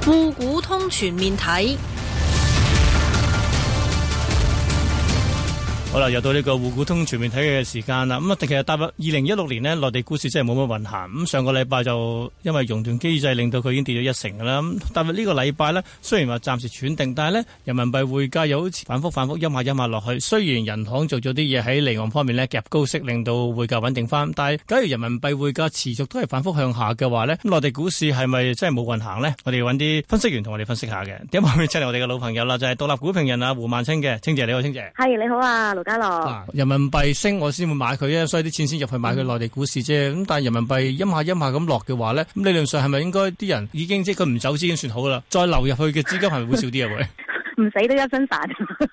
滬港通全面睇。好啦，又到呢個滬港通全面睇嘅時間啦。咁啊，其實踏入二零一六年呢，內地股市真係冇乜運行。咁上個禮拜就因為熔斷機制，令到佢已經跌咗一成噶啦。咁踏入呢個禮拜呢，雖然話暫時喘定，但係呢人民幣匯價又好似反覆反覆陰下陰下落去。雖然人行做咗啲嘢喺離岸方面呢夾高息，令到匯價穩定翻。但係假如人民幣匯價持續都係反覆向下嘅話呢，內地股市係咪真係冇運行呢？我哋搵啲分析員同我哋分析下嘅。點解會出嚟？我哋嘅老朋友啦，就係、是、獨立股評人啊胡孟青嘅，青姐你好，青姐。係你好啊。加、啊、人民幣升，我先會買佢啊，所以啲錢先入去買佢內、嗯、地股市啫。咁但係人民幣陰下陰下咁落嘅話咧，咁理論上係咪應該啲人已經即係佢唔走先算好啦？再流入去嘅資金係咪會少啲啊？會唔死都一身散。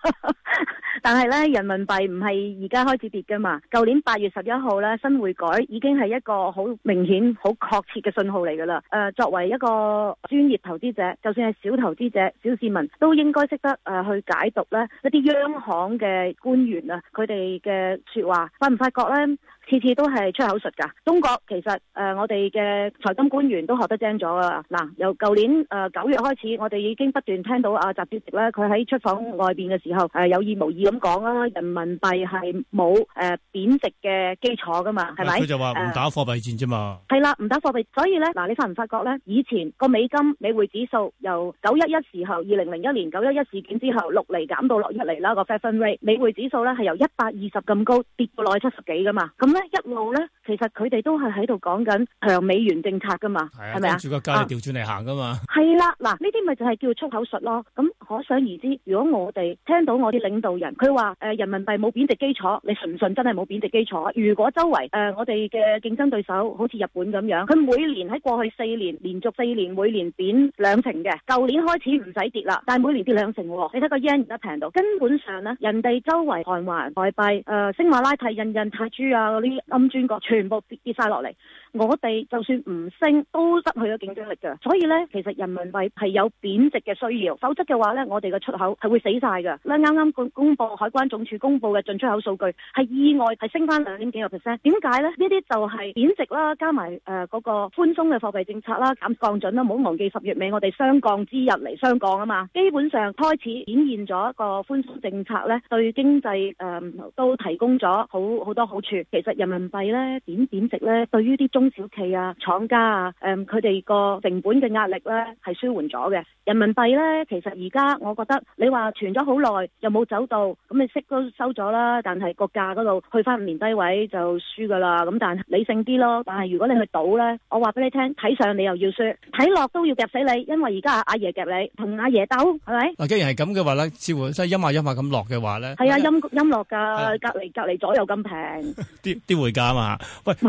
但係咧，人民幣唔係而家開始跌㗎嘛？舊年八月十一號咧，新匯改已經係一個好明顯、好確切嘅信號嚟㗎啦。誒、呃，作為一個專業投資者，就算係小投資者、小市民，都應該識得誒去解讀咧一啲央行嘅官員啊佢哋嘅說話，發唔發覺咧？次次都係出口術噶，中國其實誒、呃，我哋嘅財金官員都學得精咗啊。嗱、呃，由舊年誒九、呃、月開始，我哋已經不斷聽到阿、啊、習主席咧，佢喺出訪外邊嘅時候，誒、呃、有意無意咁講啦，人民幣係冇誒貶值嘅基礎噶嘛，係咪？佢就話唔打貨幣戰啫嘛、呃。係啦、呃，唔打貨幣，所以咧，嗱、呃，你發唔發覺咧？以前個美金美匯指數由九一一時候，二零零一年九一一事件之後，六厘減到落一厘啦，那個 federal rate 美匯指數咧係由一百二十咁高跌到落去七十幾噶嘛，咁、嗯。一路咧，其實佢哋都係喺度講緊強美元政策噶嘛，係咪啊？住吧個街調轉嚟行噶嘛，係啦、啊。嗱，呢啲咪就係叫出口術咯。咁可想而知，如果我哋聽到我啲領導人佢話、呃、人民幣冇貶值基礎，你信唔信真係冇貶值基礎？如果周圍誒、呃、我哋嘅競爭對手好似日本咁樣，佢每年喺過去四年連續四年每年貶兩成嘅，舊年開始唔使跌啦，但係每年跌兩成喎。你睇個 yen 而家平到，根本上咧人哋周圍韓元外幣星馬拉提人人泰銖啊啲金磚國全部跌晒落嚟，我哋就算唔升都失去咗競爭力嘅，所以呢，其實人民幣係有貶值嘅需要，否則嘅話呢，我哋嘅出口係會死晒嘅。咧啱啱公公布海關總署公布嘅進出口數據係意外係升返兩點幾個 percent，點解呢？呢啲就係貶值啦，加埋誒嗰個寬鬆嘅貨幣政策啦，減降準啦，唔好忘記十月尾我哋雙降之日嚟雙降啊嘛。基本上開始顯現咗一個寬鬆政策呢，對經濟誒、呃、都提供咗好好多好處。其實。人民幣咧點貶值咧，對於啲中小企啊、廠家啊，誒佢哋個成本嘅壓力咧係舒緩咗嘅。人民幣咧其實而家我覺得你話存咗好耐又冇走到，咁你息都收咗啦，但係個價嗰度去返五年低位就輸噶啦。咁但係理性啲咯，但係如果你去賭咧，我話俾你聽，睇上你又要輸，睇落都要夾死你，因為而家阿阿爺夾你同阿爺鬥係咪？嗱，既、啊、然係咁嘅話咧，似乎即係陰下陰下咁落嘅話咧，係啊，音陰落㗎，啊、隔離隔離左右咁平 啲匯價啊嘛，喂，是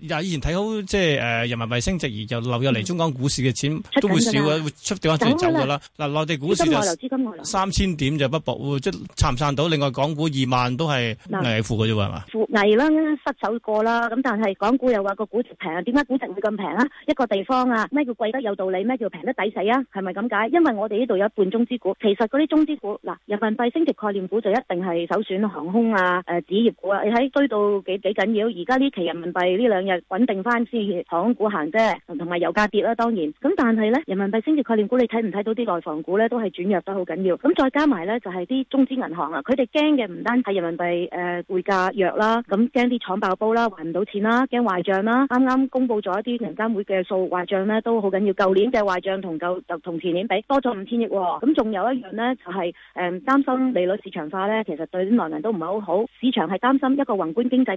其實以前睇好即係誒人民幣升值而又流入嚟中港股市嘅錢都會少嘅，出去的出會出掉翻走嘅啦。嗱，內地股市就三千點就不保，即係撐唔撐到。另外港股二萬都係危負嘅啫嘛，嗯、吧危啦，失守過啦。咁但係港股又話個估值平，點解估值會咁平啊？一個地方啊，咩叫貴得有道理？咩叫平得抵死啊？係咪咁解？因為我哋呢度有一半中資股，其實嗰啲中資股嗱，人民幣升值概念股就一定係首選航空啊、誒、呃、紙業股啊。你喺追到幾？幾緊要？而家呢期人民幣呢兩日穩定翻先，房股，股行啫，同埋油價跌啦、啊。當然，咁但係呢人民幣升值概念股，你睇唔睇到啲內房股呢？都係轉弱得好緊要。咁再加埋呢，就係、是、啲中資銀行啊，佢哋驚嘅唔單係人民幣誒匯價弱啦，咁驚啲廠爆煲啦，還唔到錢啦，驚壞帳啦。啱啱公布咗一啲銀監會嘅數壞帳呢，都好緊要。舊年嘅壞帳同舊同前年比多咗五千億喎。咁仲有一樣呢，就係誒擔心利率市場化呢。其實對啲來人都唔係好好。市場係擔心一個宏觀經濟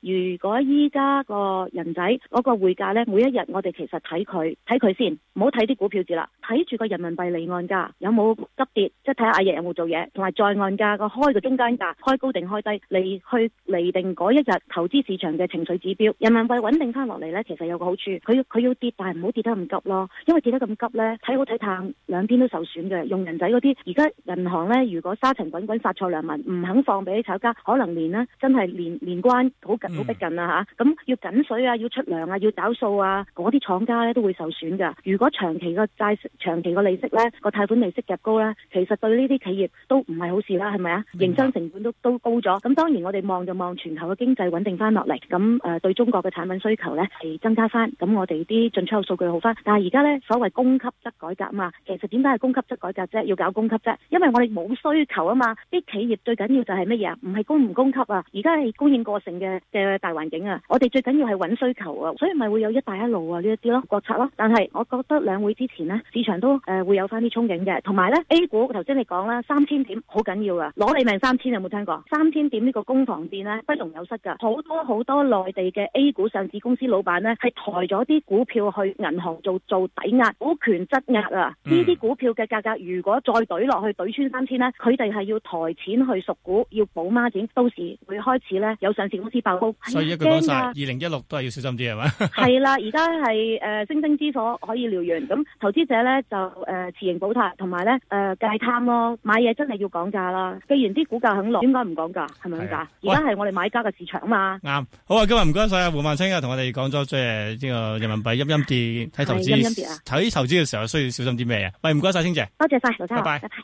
如果依家個人仔嗰個匯價咧，每一日我哋其實睇佢，睇佢先，唔好睇啲股票字啦。睇住個人民幣離岸價有冇急跌，即係睇下阿爺有冇做嘢，同埋在岸價個開個中間價開高定開低，你去厘定嗰一日投資市場嘅情緒指標，人民幣穩定翻落嚟呢，其實有個好處，佢佢要跌但係唔好跌得咁急咯，因為跌得咁急呢，睇好睇淡兩邊都受損嘅，用人仔嗰啲，而家銀行呢，如果沙塵滾滾殺錯良民唔肯放俾你炒家，可能連呢真係連連關好緊好逼近啊吓，咁、嗯、要緊水啊，要出糧啊，要找數啊，嗰啲廠家呢都會受損嘅。如果長期個債，長期個利息呢，個貸款利息入高咧，其實對呢啲企業都唔係好事啦，係咪啊？營商成本都都高咗。咁當然我哋望就望全球嘅經濟穩定翻落嚟。咁誒，對中國嘅產品需求呢係增加翻。咁我哋啲進出口數據好翻。但係而家呢，所謂供給側改革啊，其實點解係供給側改革啫？要搞供給啫，因為我哋冇需求啊嘛。啲企業最緊要就係乜嘢啊？唔係供唔供給啊？而家係供應過剩嘅嘅大環境啊。我哋最緊要係揾需求啊，所以咪會有一帶一路啊呢一啲咯，國策咯。但係我覺得兩會之前呢。市場都誒、呃、會有翻啲憧憬嘅，同埋咧 A 股頭先你講啦，三千點好緊要噶、啊，攞你命三千有冇聽過？三千點個呢個攻防戰咧不容有失噶，好多好多內地嘅 A 股上市公司老闆咧係抬咗啲股票去銀行做做抵押股權質押啊！呢啲、嗯、股票嘅價格如果再懟落去懟穿三千咧，佢哋係要抬錢去贖股，要補孖展，到時會開始咧有上市公司爆煲。所以一句講晒，二零一六都係要小心啲係咪？係啦，而家係誒星星之火可以燎原，咁投資者咧。咧就誒，呃、持盈保泰，同埋咧誒，戒貪咯。買嘢真係要講價啦。既然啲股價肯落，點解唔講價？係咪咁解？而家係我哋買家嘅市場啊嘛。啱，好啊，今日唔該晒啊，胡孟青啊，同我哋講咗即係呢個人民幣陰陰跌，睇投資，睇、啊、投資嘅時候需要小心啲咩啊？喂，唔該晒，青姐，多謝晒，拜拜。拜拜。